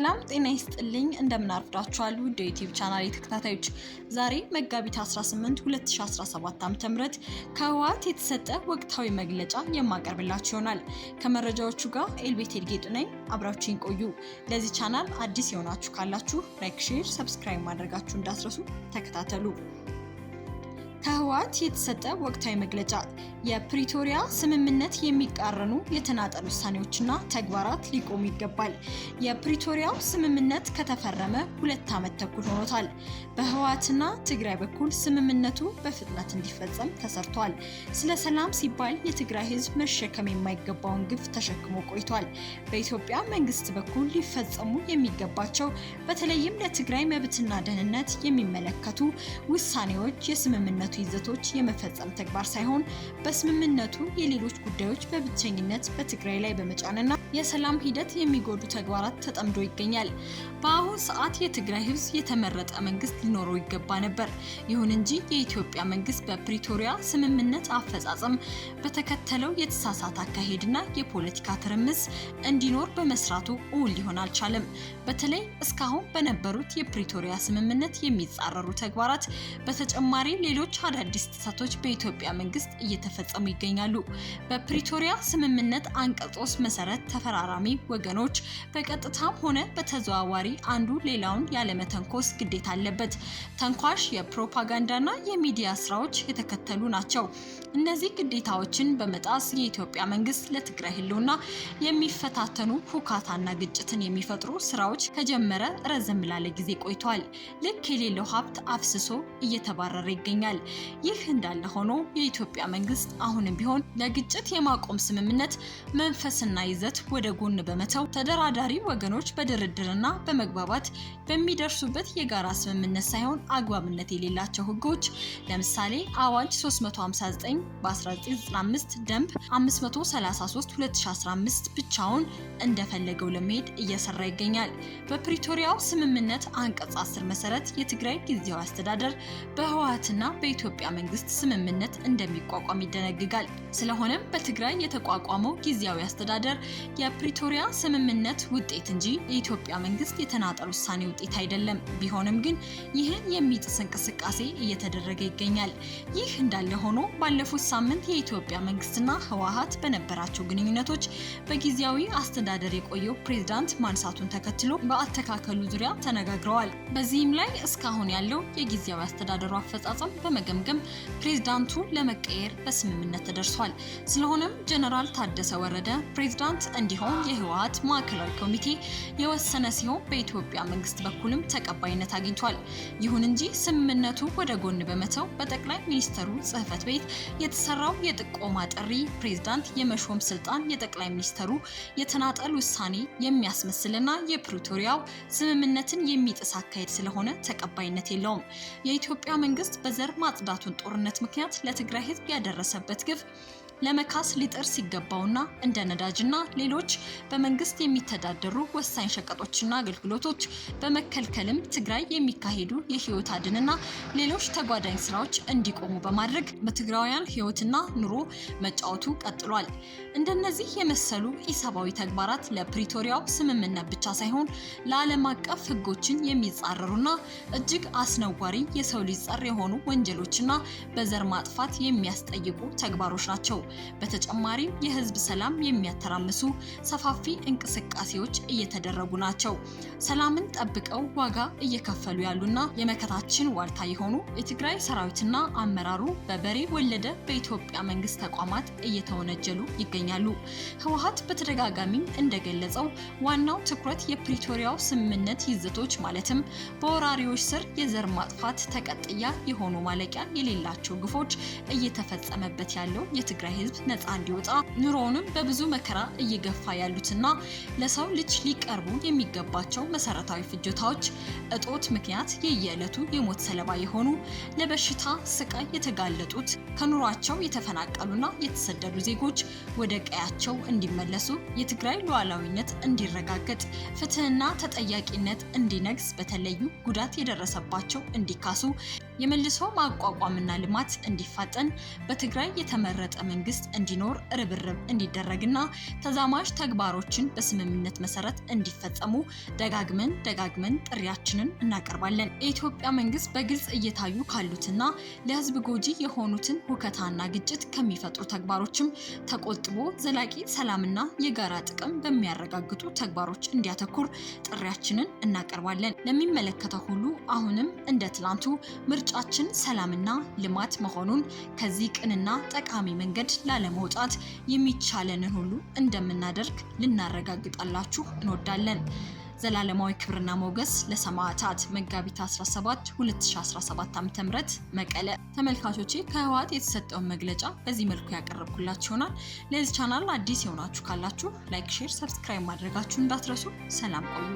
ሰላም ጤና ይስጥልኝ። እንደምን ውድ የዩቲዩብ ቻናል ተከታታዮች፣ ዛሬ መጋቢት 18 2017 ዓ.ም ከህወሓት የተሰጠ ወቅታዊ መግለጫ የማቀርብላችሁ ይሆናል። ከመረጃዎቹ ጋር ኤልቤቴል ጌጡ ነኝ። አብራችሁኝ ቆዩ። ለዚህ ቻናል አዲስ የሆናችሁ ካላችሁ ላይክ፣ ሼር፣ ሰብስክራይብ ማድረጋችሁ እንዳትረሱ። ተከታተሉ። ከህወሓት የተሰጠ ወቅታዊ መግለጫ የፕሪቶሪያ ስምምነት የሚቃረኑ የተናጠል ውሳኔዎችና ተግባራት ሊቆሙ ይገባል። የፕሪቶሪያው ስምምነት ከተፈረመ ሁለት ዓመት ተኩል ሆኖታል። በህወሓትና ትግራይ በኩል ስምምነቱ በፍጥነት እንዲፈጸም ተሰርቷል። ስለ ሰላም ሲባል የትግራይ ህዝብ መሸከም የማይገባውን ግፍ ተሸክሞ ቆይቷል። በኢትዮጵያ መንግስት በኩል ሊፈጸሙ የሚገባቸው በተለይም ለትግራይ መብትና ደህንነት የሚመለከቱ ውሳኔዎች የስምምነቱ ይዘቶች የመፈጸም ተግባር ሳይሆን በስምምነቱ የሌሎች ጉዳዮች በብቸኝነት በትግራይ ላይ በመጫንና የሰላም ሂደት የሚጎዱ ተግባራት ተጠምዶ ይገኛል። በአሁን ሰዓት የትግራይ ህዝብ የተመረጠ መንግስት ሊኖረው ይገባ ነበር። ይሁን እንጂ የኢትዮጵያ መንግስት በፕሪቶሪያ ስምምነት አፈጻጸም በተከተለው የተሳሳተ አካሄድና የፖለቲካ ትርምስ እንዲኖር በመስራቱ እውን ሊሆን አልቻለም። በተለይ እስካሁን በነበሩት የፕሪቶሪያ ስምምነት የሚጻረሩ ተግባራት በተጨማሪ ሌሎች አዳዲስ ጥሰቶች በኢትዮጵያ መንግስት እየተፈጸሙ ይገኛሉ። በፕሪቶሪያ ስምምነት አንቀጾስ መሰረት ተፈራራሚ ወገኖች በቀጥታም ሆነ በተዘዋዋሪ አንዱ ሌላውን ያለመተንኮስ ግዴታ አለበት። ተንኳሽ የፕሮፓጋንዳና የሚዲያ ስራዎች የተከተሉ ናቸው። እነዚህ ግዴታዎችን በመጣስ የኢትዮጵያ መንግስት ለትግራይ ህልውና የሚፈታተኑ ሁካታና ግጭትን የሚፈጥሩ ስራዎች ከጀመረ ረዘም ላለ ጊዜ ቆይቷል። ልክ የሌለው ሀብት አፍስሶ እየተባረረ ይገኛል። ይህ እንዳለ ሆኖ የኢትዮጵያ መንግስት አሁንም ቢሆን ለግጭት የማቆም ስምምነት መንፈስና ይዘት ወደ ጎን በመተው ተደራዳሪ ወገኖች በድርድርና በመግባባት በሚደርሱበት የጋራ ስምምነት ሳይሆን አግባብነት የሌላቸው ህጎች ለምሳሌ አዋጅ 359 በ1995 ደንብ 533 2015 ብቻውን እንደፈለገው ለመሄድ እየሰራ ይገኛል። በፕሪቶሪያው ስምምነት አንቀጽ 10 መሰረት የትግራይ ጊዜያዊ አስተዳደር በህወሀትና በኢትዮጵያ መንግስት ስምምነት እንደሚቋቋም ይደነግጋል። ስለሆነም በትግራይ የተቋቋመው ጊዜያዊ አስተዳደር የፕሪቶሪያ ስምምነት ውጤት እንጂ የኢትዮጵያ መንግስት የተናጠል ውሳኔ ውጤት አይደለም። ቢሆንም ግን ይህን የሚጥስ እንቅስቃሴ እየተደረገ ይገኛል። ይህ እንዳለ ሆኖ ባለፉት ሳምንት የኢትዮጵያ መንግስትና ህወሀት በነበራቸው ግንኙነቶች በጊዜያዊ አስተዳደር የቆየው ፕሬዝዳንት ማንሳቱን ተከትሎ በአተካከሉ ዙሪያ ተነጋግረዋል። በዚህም ላይ እስካሁን ያለው የጊዜያዊ አስተዳደሩ አፈጻጸም በመገምገም ፕሬዝዳንቱ ለመቀየር በስምምነት ተደርሷል። ስለሆነም ጀነራል ታደሰ ወረደ ፕሬዝዳንት እንዲሆን የህወሀት ማዕከላዊ ኮሚቴ የወሰነ ሲሆን በኢትዮጵያ መንግስት በኩልም ተቀባይነት አግኝቷል። ይሁን እንጂ ስምምነቱ ወደ ጎን በመተው በጠቅላይ ሚኒስተሩ ጽህፈት ቤት የተሰራው የጥቆማ ጥሪ ፕሬዝዳንት የመሾም ስልጣን የጠቅላይ ሚኒስተሩ የተናጠል ውሳኔ የሚያስመስልና የፕሪቶሪያው ስምምነትን የሚጥስ አካሄድ ስለሆነ ተቀባይነት የለውም። የኢትዮጵያ መንግስት በዘር ማጽዳቱን ጦርነት ምክንያት ለትግራይ ህዝብ ያደረሰበት ግፍ ለመካስ ሊጥር ሲገባውና እንደ ነዳጅና ሌሎች በመንግስት የሚተዳደሩ ወሳኝ ሸቀጦችና አገልግሎቶች በመከልከልም ትግራይ የሚካሄዱ የህይወት አድንና ሌሎች ተጓዳኝ ስራዎች እንዲቆሙ በማድረግ በትግራውያን ህይወትና ኑሮ መጫወቱ ቀጥሏል። እንደነዚህ የመሰሉ ኢሰብአዊ ተግባራት ለፕሪቶሪያው ስምምነት ብቻ ሳይሆን ለዓለም አቀፍ ህጎችን የሚጻረሩና እጅግ አስነዋሪ የሰው ልጅ ጸር የሆኑ ወንጀሎችና በዘር ማጥፋት የሚያስጠይቁ ተግባሮች ናቸው። በተጨማሪም የህዝብ ሰላም የሚያተራምሱ ሰፋፊ እንቅስቃሴዎች እየተደረጉ ናቸው። ሰላምን ጠብቀው ዋጋ እየከፈሉ ያሉና የመከታችን ዋልታ የሆኑ የትግራይ ሰራዊትና አመራሩ በበሬ ወለደ በኢትዮጵያ መንግስት ተቋማት እየተወነጀሉ ይገኛሉ። ህወሀት በተደጋጋሚ እንደገለጸው ዋናው ትኩረት የፕሪቶሪያው ስምምነት ይዘቶች ማለትም በወራሪዎች ስር የዘር ማጥፋት ተቀጥያ የሆኑ ማለቂያ የሌላቸው ግፎች እየተፈጸመበት ያለው የትግራይ ህዝብ ነፃ እንዲወጣ ኑሮውንም በብዙ መከራ እየገፋ ያሉትና ለሰው ልጅ ሊቀርቡ የሚገባቸው መሰረታዊ ፍጆታዎች እጦት ምክንያት የየዕለቱ የሞት ሰለባ የሆኑ ለበሽታ ስቃይ የተጋለጡት ከኑሯቸው የተፈናቀሉና የተሰደዱ ዜጎች ወደ ቀያቸው እንዲመለሱ የትግራይ ሉዓላዊነት እንዲረጋገጥ ፍትህና ተጠያቂነት እንዲነግስ በተለዩ ጉዳት የደረሰባቸው እንዲካሱ የመልሶ ማቋቋምና ልማት እንዲፋጠን በትግራይ የተመረጠ መንግስት እንዲኖር ርብርብ እንዲደረግና ተዛማጅ ተግባሮችን በስምምነት መሰረት እንዲፈጸሙ ደጋግመን ደጋግመን ጥሪያችንን እናቀርባለን። የኢትዮጵያ መንግስት በግልጽ እየታዩ ካሉትና ለህዝብ ጎጂ የሆኑትን ሁከታና ግጭት ከሚፈጥሩ ተግባሮችም ተቆጥቦ ዘላቂ ሰላምና የጋራ ጥቅም በሚያረጋግጡ ተግባሮች እንዲያተኩር ጥሪያችንን እናቀርባለን። ለሚመለከተው ሁሉ አሁንም እንደ ትላንቱ ምርጫ ምርጫችን ሰላምና ልማት መሆኑን ከዚህ ቅንና ጠቃሚ መንገድ ላለመውጣት የሚቻለንን ሁሉ እንደምናደርግ ልናረጋግጣላችሁ እንወዳለን። ዘላለማዊ ክብርና ሞገስ ለሰማዕታት መጋቢት 17 2017 ዓ.ም መቀለ። ተመልካቾቼ ከህወሓት የተሰጠውን መግለጫ በዚህ መልኩ ያቀረብኩላችሁ ይሆናል። ለዚህ ቻናል አዲስ የሆናችሁ ካላችሁ ላይክ፣ ሼር፣ ሰብስክራይብ ማድረጋችሁ እንዳትረሱ። ሰላም ቆዩ።